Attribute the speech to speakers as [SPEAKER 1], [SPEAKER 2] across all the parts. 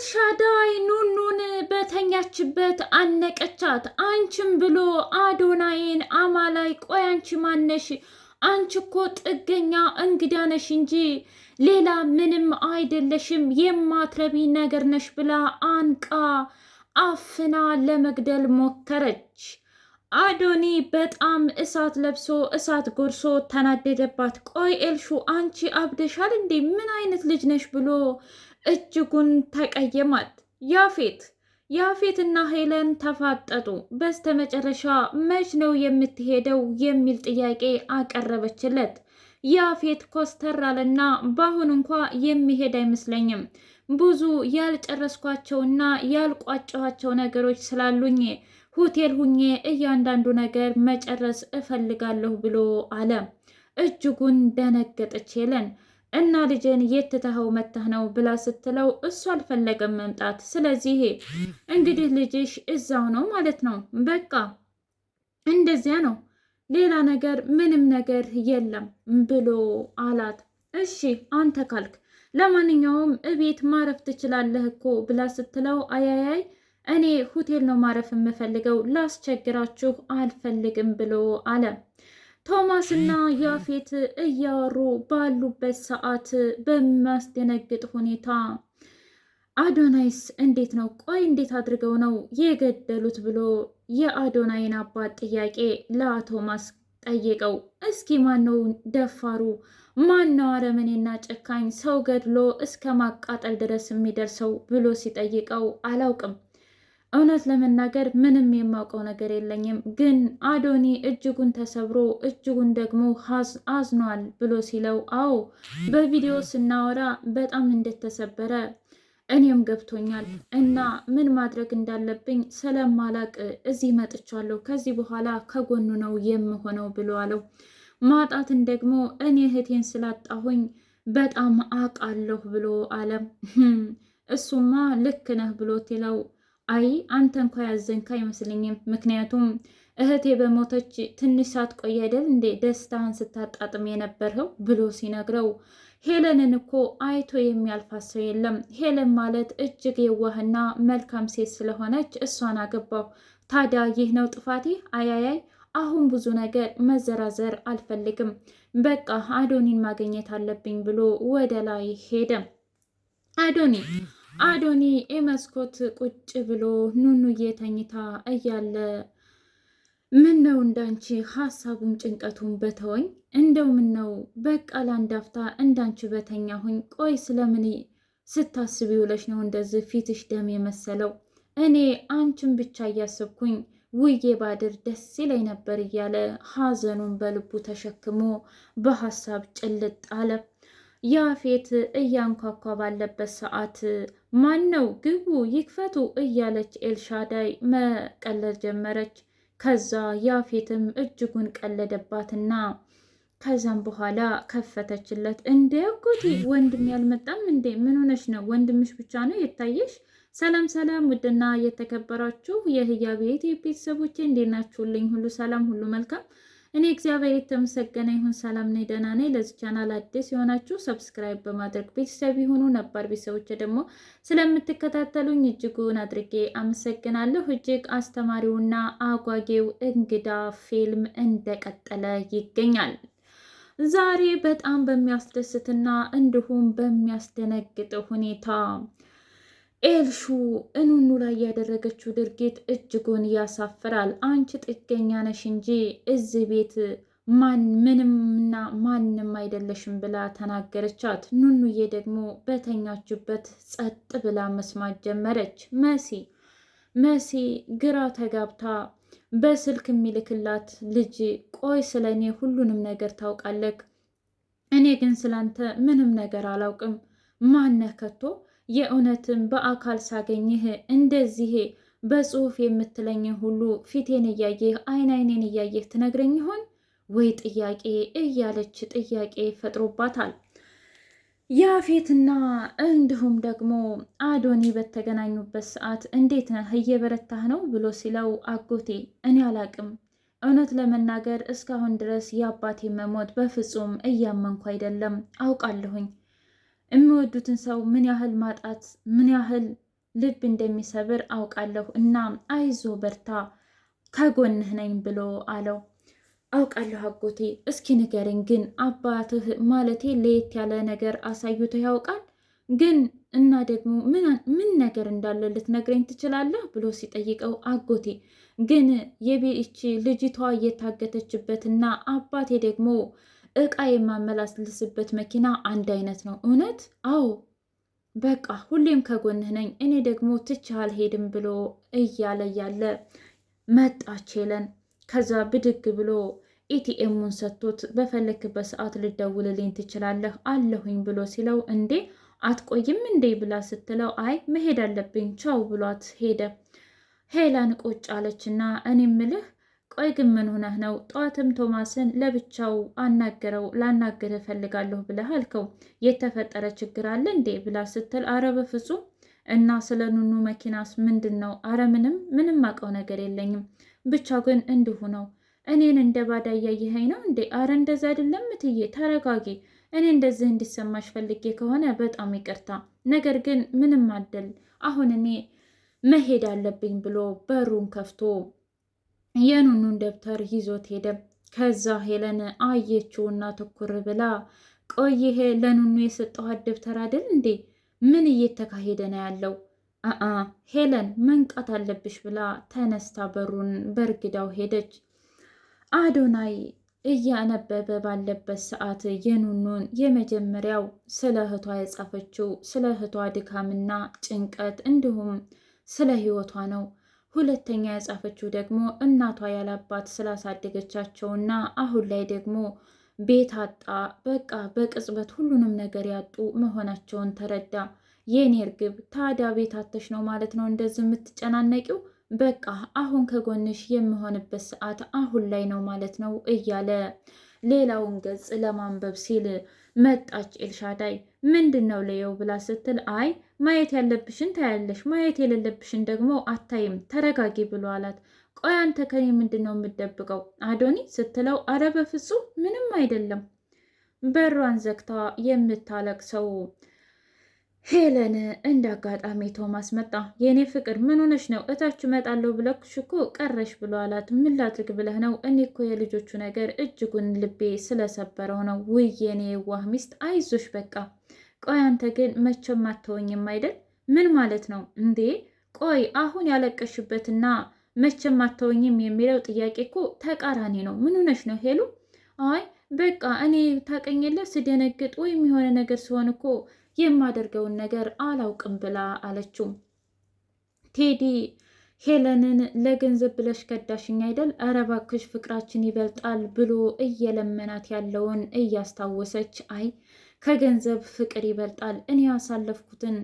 [SPEAKER 1] ኤልሻዳይ ኑኑን በተኛችበት አነቀቻት። አንቺም ብሎ አዶናይን አማላይ፣ ቆይ አንቺ ማነሽ? አንቺ እኮ ጥገኛ እንግዳ ነሽ እንጂ ሌላ ምንም አይደለሽም፣ የማትረቢ ነገር ነሽ ብላ አንቃ አፍና ለመግደል ሞከረች። አዶኒ በጣም እሳት ለብሶ እሳት ጎርሶ ተናደደባት። ቆይ ኤልሹ አንቺ አብደሻል እንዴ? ምን አይነት ልጅ ነሽ ብሎ እጅጉን ተቀየማት። ያፌት ያፌትና ሄለን ተፋጠጡ። በስተመጨረሻ መች ነው የምትሄደው የሚል ጥያቄ አቀረበችለት። ያፌት ኮስተር አለና በአሁን እንኳ የሚሄድ አይመስለኝም ብዙ ያልጨረስኳቸውና ያልቋጨኋቸው ነገሮች ስላሉኝ ሆቴል ሁኜ እያንዳንዱ ነገር መጨረስ እፈልጋለሁ ብሎ አለ። እጅጉን ደነገጠች ሄለን። እና ልጄን የትተኸው መተህ ነው ብላ ስትለው እሱ አልፈለገም መምጣት። ስለዚህ እንግዲህ ልጅሽ እዛው ነው ማለት ነው። በቃ እንደዚያ ነው፣ ሌላ ነገር ምንም ነገር የለም ብሎ አላት። እሺ አንተ ካልክ ለማንኛውም እቤት ማረፍ ትችላለህ እኮ ብላ ስትለው አያያይ እኔ ሆቴል ነው ማረፍ የምፈልገው፣ ላስቸግራችሁ አልፈልግም ብሎ አለ። ቶማስ እና ያፌት እያወሩ ባሉበት ሰዓት በሚያስደነግጥ ሁኔታ አዶናይስ እንዴት ነው ቆይ እንዴት አድርገው ነው የገደሉት ብሎ የአዶናይን አባት ጥያቄ ለቶማስ ጠየቀው። እስኪ ነው ደፋሩ ነው አረመኔና ጨካኝ ሰው ገድሎ እስከ ማቃጠል ድረስ የሚደርሰው ብሎ ሲጠይቀው አላውቅም እውነት ለመናገር ምንም የማውቀው ነገር የለኝም፣ ግን አዶኒ እጅጉን ተሰብሮ እጅጉን ደግሞ አዝኗል ብሎ ሲለው፣ አዎ በቪዲዮ ስናወራ በጣም እንደተሰበረ እኔም ገብቶኛል እና ምን ማድረግ እንዳለብኝ ስለማላቅ እዚህ መጥቻለሁ። ከዚህ በኋላ ከጎኑ ነው የምሆነው ብሎ አለው። ማጣትን ደግሞ እኔ እህቴን ስላጣሁኝ በጣም አቃለሁ ብሎ አለ። እሱማ ልክ ነህ ብሎ አይ አንተ እንኳ ያዘንካ አይመስለኝም። ምክንያቱም እህቴ በሞተች ትንሽ ሰዓት ቆየ አይደል እንዴ ደስታህን ስታጣጥም የነበርኸው ብሎ ሲነግረው ሄለንን እኮ አይቶ የሚያልፋት ሰው የለም። ሄለን ማለት እጅግ የዋህና መልካም ሴት ስለሆነች እሷን አገባሁ። ታዲያ ይህ ነው ጥፋቴ? አያያይ አሁን ብዙ ነገር መዘራዘር አልፈልግም። በቃ አዶኒን ማግኘት አለብኝ ብሎ ወደ ላይ ሄደ። አዶኒ አዶኒ የመስኮት ቁጭ ብሎ ኑኑዬ ተኝታ እያለ ምን ነው እንዳንቺ ሀሳቡም ጭንቀቱም በተወኝ እንደው ምን ነው በቃ ላንዳፍታ እንዳንቺ በተኛ ሁኝ። ቆይ ስለምን ስታስብ ይውለሽ ነው እንደዚህ ፊትሽ ደም የመሰለው? እኔ አንቺን ብቻ እያሰብኩኝ ውዬ ባድር ደስ ይለኝ ነበር እያለ ሀዘኑን በልቡ ተሸክሞ በሀሳብ ጭልጥ አለ። ያፌት እያንኳኳ ባለበት ሰዓት ማን ነው ግቡ፣ ይክፈቱ እያለች ኤልሻዳይ መቀለድ ጀመረች። ከዛ ያፌትም እጅጉን ቀለደባትና ከዛም በኋላ ከፈተችለት። እንደ ጎቴ ወንድም ያልመጣም እንዴ? ምን ሆነሽ ነው? ወንድምሽ ብቻ ነው የታየሽ? ሰላም ሰላም፣ ውድና የተከበራችሁ የህያ ቤት ቤተሰቦቼ እንዴት ናችሁልኝ? ሁሉ ሰላም፣ ሁሉ መልካም እኔ እግዚአብሔር የተመሰገነ ይሁን ሰላም ነኝ፣ ደህና ነኝ። ለዚህ ቻናል አዲስ የሆናችሁ ሰብስክራይብ በማድረግ ቤተሰብ ይሁኑ። ነባር ቤተሰቦች ደግሞ ስለምትከታተሉኝ እጅጉን አድርጌ አመሰግናለሁ። እጅግ አስተማሪውና አጓጌው እንግዳ ፊልም እንደቀጠለ ይገኛል። ዛሬ በጣም በሚያስደስትና እንዲሁም በሚያስደነግጥ ሁኔታ ኤልሹ እኑኑ ላይ ያደረገችው ድርጊት እጅጉን ያሳፍራል። አንቺ ጥገኛ ነሽ እንጂ እዚህ ቤት ማን ምንምና ማንም አይደለሽም ብላ ተናገረቻት። ኑኑዬ ደግሞ በተኛችበት ጸጥ ብላ መስማት ጀመረች። መሲ መሲ ግራ ተጋብታ በስልክ የሚልክላት ልጅ ቆይ ስለ እኔ ሁሉንም ነገር ታውቃለህ፣ እኔ ግን ስላንተ ምንም ነገር አላውቅም፣ ማነህ ከቶ የእውነትም በአካል ሳገኝህ እንደዚህ በጽሁፍ የምትለኝ ሁሉ ፊቴን እያየህ አይን አይኔን እያየህ ትነግረኝ ይሆን ወይ ጥያቄ እያለች ጥያቄ ፈጥሮባታል። ያፌትና እንዲሁም ደግሞ አዶኒ በተገናኙበት ሰዓት እንዴት ነህ እየበረታህ ነው ብሎ ሲለው አጎቴ እኔ አላቅም፣ እውነት ለመናገር እስካሁን ድረስ የአባቴ መሞት በፍጹም እያመንኩ አይደለም፣ አውቃለሁኝ የሚወዱትን ሰው ምን ያህል ማጣት ምን ያህል ልብ እንደሚሰብር አውቃለሁ እና አይዞ በርታ ከጎንህ ነኝ ብሎ አለው። አውቃለሁ አጎቴ፣ እስኪ ንገርን ግን አባትህ ማለቴ ለየት ያለ ነገር አሳይቶ ያውቃል? ግን እና ደግሞ ምን ነገር እንዳለ ልትነግረኝ ትችላለህ? ብሎ ሲጠይቀው አጎቴ ግን የቤቺ ልጅቷ እየታገተችበት እና አባቴ ደግሞ እቃ የማመላልስበት መኪና አንድ አይነት ነው። እውነት? አዎ በቃ ሁሌም ከጎንህ ነኝ፣ እኔ ደግሞ ትቼህ አልሄድም ብሎ እያለ ያለ መጣች ሄለን። ከዛ ብድግ ብሎ ኢቲኤሙን ሰጥቶት በፈለክበት ሰዓት ልደውልልኝ ትችላለህ አለሁኝ ብሎ ሲለው እንዴ አትቆይም እንዴ ብላ ስትለው አይ መሄድ አለብኝ ቻው ብሏት ሄደ። ሄለን ቆጭ አለችና እኔ ምልህ ቆይ ግን ምን ሆነህ ነው ጠዋትም ቶማስን ለብቻው አናገረው ላናገር እፈልጋለሁ ብለህ አልከው የተፈጠረ ችግር አለ እንዴ ብላ ስትል አረ በፍጹም እና ስለ ኑኑ መኪናስ ምንድን ነው አረ ምንም ምንም አውቀው ነገር የለኝም ብቻ ግን እንዲሁ ነው እኔን እንደ ባዳ እያየኸኝ ነው እንዴ አረ እንደዛ አይደለም ምትዬ ተረጋጊ እኔ እንደዚህ እንዲሰማሽ ፈልጌ ከሆነ በጣም ይቅርታ ነገር ግን ምንም አደል አሁን እኔ መሄድ አለብኝ ብሎ በሩን ከፍቶ የኑኑን ደብተር ይዞት ሄደ። ከዛ ሄለን አየችውና ትኩር ብላ ቆይ ይሄ ለኑኑ የሰጠኋት ደብተር አይደል እንዴ? ምን እየተካሄደ ነው ያለው? አአ ሄለን መንቃት አለብሽ ብላ ተነስታ በሩን በርግዳው ሄደች። አዶናይ እያነበበ ባለበት ሰዓት የኑኑን የመጀመሪያው ስለ እህቷ የጻፈችው ስለ እህቷ ድካምና ጭንቀት እንዲሁም ስለ ህይወቷ ነው። ሁለተኛ የጻፈችው ደግሞ እናቷ ያላባት ስላሳደገቻቸውና አሁን ላይ ደግሞ ቤት አጣ በቃ በቅጽበት ሁሉንም ነገር ያጡ መሆናቸውን ተረዳ። የኔ እርግብ ታዲያ ቤት አተሽ ነው ማለት ነው እንደዚህ የምትጨናነቂው? በቃ አሁን ከጎንሽ የምሆንበት ሰዓት አሁን ላይ ነው ማለት ነው እያለ ሌላውን ገጽ ለማንበብ ሲል መጣች ኤልሻዳይ። ምንድን ነው ለየው ብላ ስትል አይ ማየት ያለብሽን ታያለሽ፣ ማየት የሌለብሽን ደግሞ አታይም፣ ተረጋጊ ብሎ አላት። ቆይ አንተ ከኔ ምንድን ነው የምደብቀው አዶኒ ስትለው አረ በፍጹም ምንም አይደለም። በሯን ዘግታ የምታለቅሰው ሄለን እንደ አጋጣሚ ቶማስ መጣ። የእኔ ፍቅር ምን ሆነሽ ነው? እታች እመጣለሁ ብለሽ እኮ ቀረሽ ብሎ አላት። ምን ላድርግ ብለህ ነው? እኔ እኮ የልጆቹ ነገር እጅጉን ልቤ ስለሰበረው ነው። ውይ የኔ የዋህ ሚስት አይዞሽ በቃ። ቆይ አንተ ግን መቼም አትተወኝም አይደል? ምን ማለት ነው እንዴ? ቆይ አሁን ያለቀሽበትና መቼም አትተወኝም የሚለው ጥያቄ እኮ ተቃራኒ ነው። ምን ሆነሽ ነው ሄሉ? አይ በቃ እኔ ታቀኝለ ስደነግጥ ወይም የሆነ ነገር ሲሆን እኮ የማደርገውን ነገር አላውቅም ብላ አለችው። ቴዲ ሄለንን ለገንዘብ ብለሽ ከዳሽኝ አይደል? ኧረ እባክሽ ፍቅራችን ይበልጣል ብሎ እየለመናት ያለውን እያስታወሰች አይ ከገንዘብ ፍቅር ይበልጣል እኔ ያሳለፍኩትን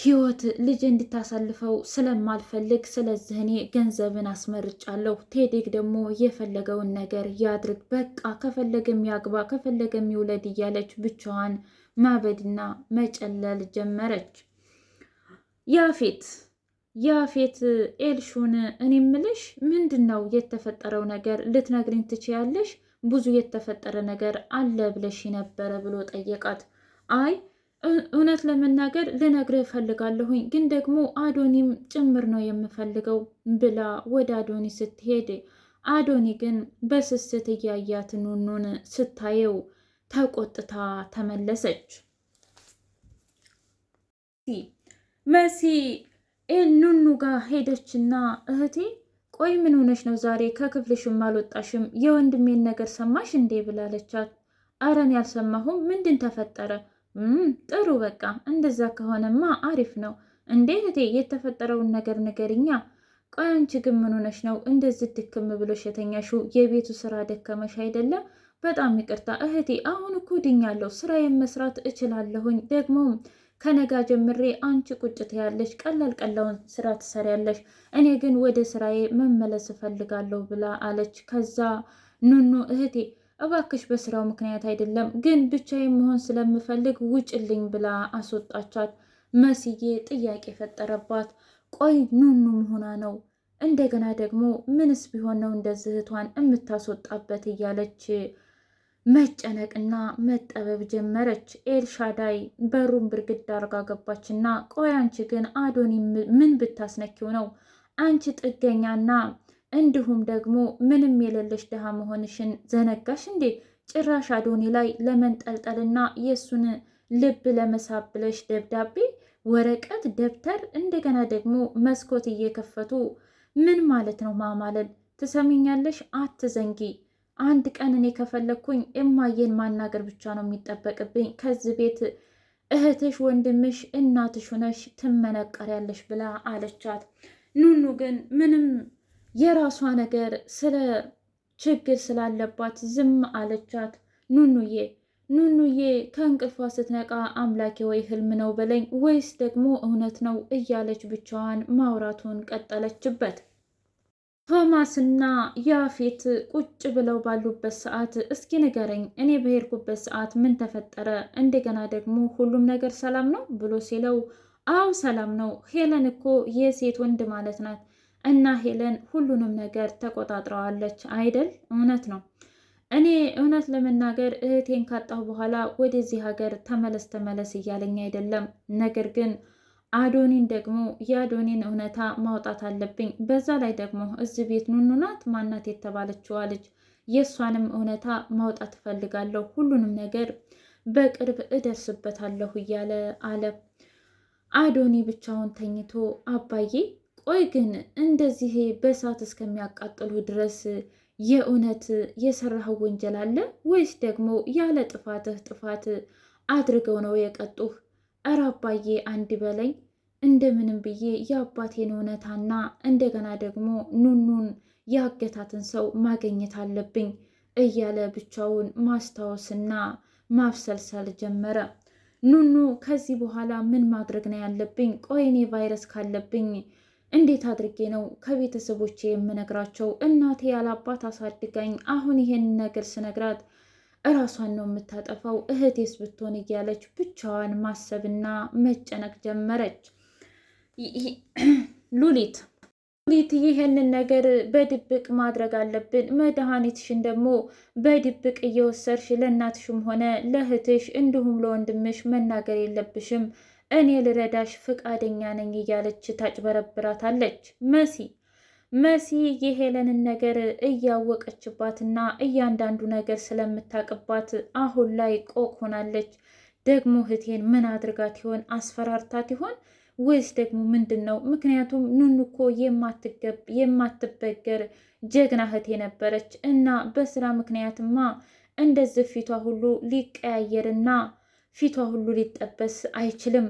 [SPEAKER 1] ህይወት ልጅ እንድታሳልፈው ስለማልፈልግ፣ ስለዚህ እኔ ገንዘብን አስመርጫለሁ። ቴዲ ደግሞ የፈለገውን ነገር ያድርግ፣ በቃ ከፈለገም ያግባ፣ ከፈለገም ይውለድ እያለች ብቻዋን ማበድና መጨለል ጀመረች። ያፌት ያፌት ኤልሹን እኔ ምልሽ ምንድን ነው የተፈጠረው ነገር ልትነግሪኝ ትችያለሽ? ብዙ የተፈጠረ ነገር አለ ብለሽ ነበረ ብሎ ጠየቃት። አይ እውነት ለመናገር ልነግርህ እፈልጋለሁኝ ግን ደግሞ አዶኒም ጭምር ነው የምፈልገው ብላ ወደ አዶኒ ስትሄድ አዶኒ ግን በስስት እያያት ኑኑን ስታየው ተቆጥታ ተመለሰች። መሲ ኤልኑኑ ጋር ሄደችና እህቴ ቆይ ምን ሆነሽ ነው ዛሬ ከክፍልሽም አልወጣሽም? የወንድሜን ነገር ሰማሽ እንዴ ብላለቻት። አረን ያልሰማሁም፣ ምንድን ተፈጠረ? ጥሩ በቃ እንደዛ ከሆነማ አሪፍ ነው። እንዴ እህቴ የተፈጠረውን ነገር ንገሪኛ። ቆይ አንቺ ግን ምን ሆነሽ ነው እንደዚህ ድክም ብሎሽ የተኛሽው? የቤቱ ስራ ደከመሽ አይደለም? በጣም ይቅርታ እህቴ፣ አሁን እኮ ድኛለሁ። ስራዬን መስራት እችላለሁኝ። ደግሞ ከነጋ ጀምሬ አንቺ ቁጭ ትያለሽ፣ ቀላል ቀላውን ስራ ትሰሪያለሽ፣ እኔ ግን ወደ ስራዬ መመለስ እፈልጋለሁ ብላ አለች። ከዛ ኑኑ እህቴ እባክሽ በስራው ምክንያት አይደለም ግን ብቻ መሆን ስለምፈልግ ውጭልኝ ብላ አስወጣቻት። መስዬ ጥያቄ ፈጠረባት። ቆይ ኑኑ መሆኗ ነው እንደገና ደግሞ ምንስ ቢሆን ነው እንደዚህ እህቷን የምታስወጣበት እያለች መጨነቅና መጠበብ ጀመረች። ኤልሻዳይ በሩን ብርግድ አርጋ ገባችና ቆይ አንቺ ግን አዶኒ ምን ብታስነኪው ነው አንቺ ጥገኛና እንዲሁም ደግሞ ምንም የሌለሽ ድሃ መሆንሽን ዘነጋሽ እንዴ? ጭራሽ አዶኒ ላይ ለመንጠልጠልና የእሱን ልብ ለመሳብ ብለሽ ደብዳቤ፣ ወረቀት፣ ደብተር እንደገና ደግሞ መስኮት እየከፈቱ ምን ማለት ነው ማማለል? ትሰሚኛለሽ? አትዘንጊ አንድ ቀን እኔ ከፈለግኩኝ እማዬን ማናገር ብቻ ነው የሚጠበቅብኝ። ከዚህ ቤት እህትሽ፣ ወንድምሽ፣ እናትሽ ሆነሽ ትመነቀሪያለሽ ብላ አለቻት። ኑኑ ግን ምንም የራሷ ነገር ስለ ችግር ስላለባት ዝም አለቻት። ኑኑዬ ኑኑዬ ከእንቅልፏ ስትነቃ አምላኬ ወይ ህልም ነው በለኝ ወይስ ደግሞ እውነት ነው እያለች ብቻዋን ማውራቱን ቀጠለችበት። ቶማስና ያፌት ቁጭ ብለው ባሉበት ሰዓት እስኪ ንገረኝ፣ እኔ በሄድኩበት ሰዓት ምን ተፈጠረ? እንደገና ደግሞ ሁሉም ነገር ሰላም ነው ብሎ ሲለው፣ አው ሰላም ነው። ሄለን እኮ የሴት ወንድ ማለት ናት። እና ሄለን ሁሉንም ነገር ተቆጣጥረዋለች አይደል? እውነት ነው። እኔ እውነት ለመናገር እህቴን ካጣሁ በኋላ ወደዚህ ሀገር ተመለስ ተመለስ እያለኝ አይደለም፣ ነገር ግን አዶኒን ደግሞ የአዶኒን እውነታ ማውጣት አለብኝ። በዛ ላይ ደግሞ እዚህ ቤት ኑኑ ናት ማናት የተባለችዋ ልጅ የእሷንም እውነታ ማውጣት እፈልጋለሁ። ሁሉንም ነገር በቅርብ እደርስበታለሁ እያለ አለ። አዶኒ ብቻውን ተኝቶ አባዬ፣ ቆይ ግን እንደዚህ በእሳት እስከሚያቃጥሉ ድረስ የእውነት የሰራህ ወንጀል አለ ወይስ ደግሞ ያለ ጥፋትህ ጥፋት አድርገው ነው የቀጡህ? እረ አባዬ አንድ በለኝ እንደምንም ብዬ የአባቴን እውነታና እንደገና ደግሞ ኑኑን ያገታትን ሰው ማገኘት አለብኝ እያለ ብቻውን ማስታወስና ማብሰልሰል ጀመረ። ኑኑ ከዚህ በኋላ ምን ማድረግ ነው ያለብኝ? ቆይ እኔ ቫይረስ ካለብኝ እንዴት አድርጌ ነው ከቤተሰቦቼ የምነግራቸው? እናቴ አባት አሳድጋኝ። አሁን ይሄን ነገር ስነግራት እራሷን ነው የምታጠፋው፣ እህቴስ ብትሆን እያለች ብቻዋን ማሰብና መጨነቅ ጀመረች። ሉሊት ሉሊት ይህንን ነገር በድብቅ ማድረግ አለብን። መድኃኒትሽን ደግሞ በድብቅ እየወሰድሽ ለእናትሽም ሆነ ለእህትሽ እንዲሁም ለወንድምሽ መናገር የለብሽም። እኔ ልረዳሽ ፍቃደኛ ነኝ እያለች ታጭበረብራታለች መሲ መሲ የሄለንን ነገር እያወቀችባትና እያንዳንዱ ነገር ስለምታቅባት አሁን ላይ ቆቅ ሆናለች። ደግሞ እህቴን ምን አድርጋት ይሆን? አስፈራርታት ይሆን ወይስ ደግሞ ምንድን ነው? ምክንያቱም ኑኑ እኮ የማትበገር ጀግና እህቴ ነበረች እና በስራ ምክንያትማ እንደዚህ ፊቷ ሁሉ ሊቀያየርና ፊቷ ሁሉ ሊጠበስ አይችልም።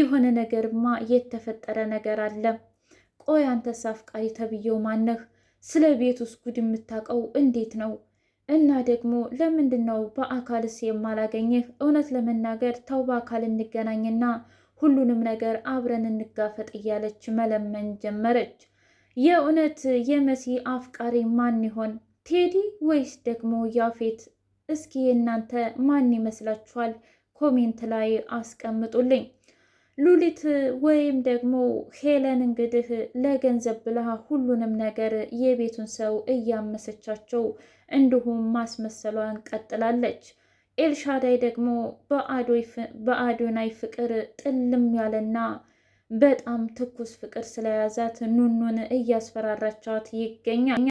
[SPEAKER 1] የሆነ ነገርማ የተፈጠረ ነገር አለ። ቆይ አንተስ አፍቃሪ ተብዬው ማነህ? ስለ ቤት ውስጥ ጉድ የምታውቀው እንዴት ነው? እና ደግሞ ለምንድን ነው በአካልስ የማላገኘህ? እውነት ለመናገር ተው በአካል እንገናኝና ሁሉንም ነገር አብረን እንጋፈጥ እያለች መለመን ጀመረች። የእውነት የመሲ አፍቃሪ ማን ይሆን? ቴዲ ወይስ ደግሞ ያፌት? እስኪ እናንተ ማን ይመስላችኋል? ኮሜንት ላይ አስቀምጡልኝ። ሉሊት ወይም ደግሞ ሄለን እንግዲህ ለገንዘብ ብላ ሁሉንም ነገር የቤቱን ሰው እያመሰቻቸው እንዲሁም ማስመሰሏን ቀጥላለች። ኤልሻዳይ ደግሞ በአዶናይ ፍቅር ጥልም ያለና በጣም ትኩስ ፍቅር ስለያዛት ኑኑን እያስፈራራቻት ይገኛል።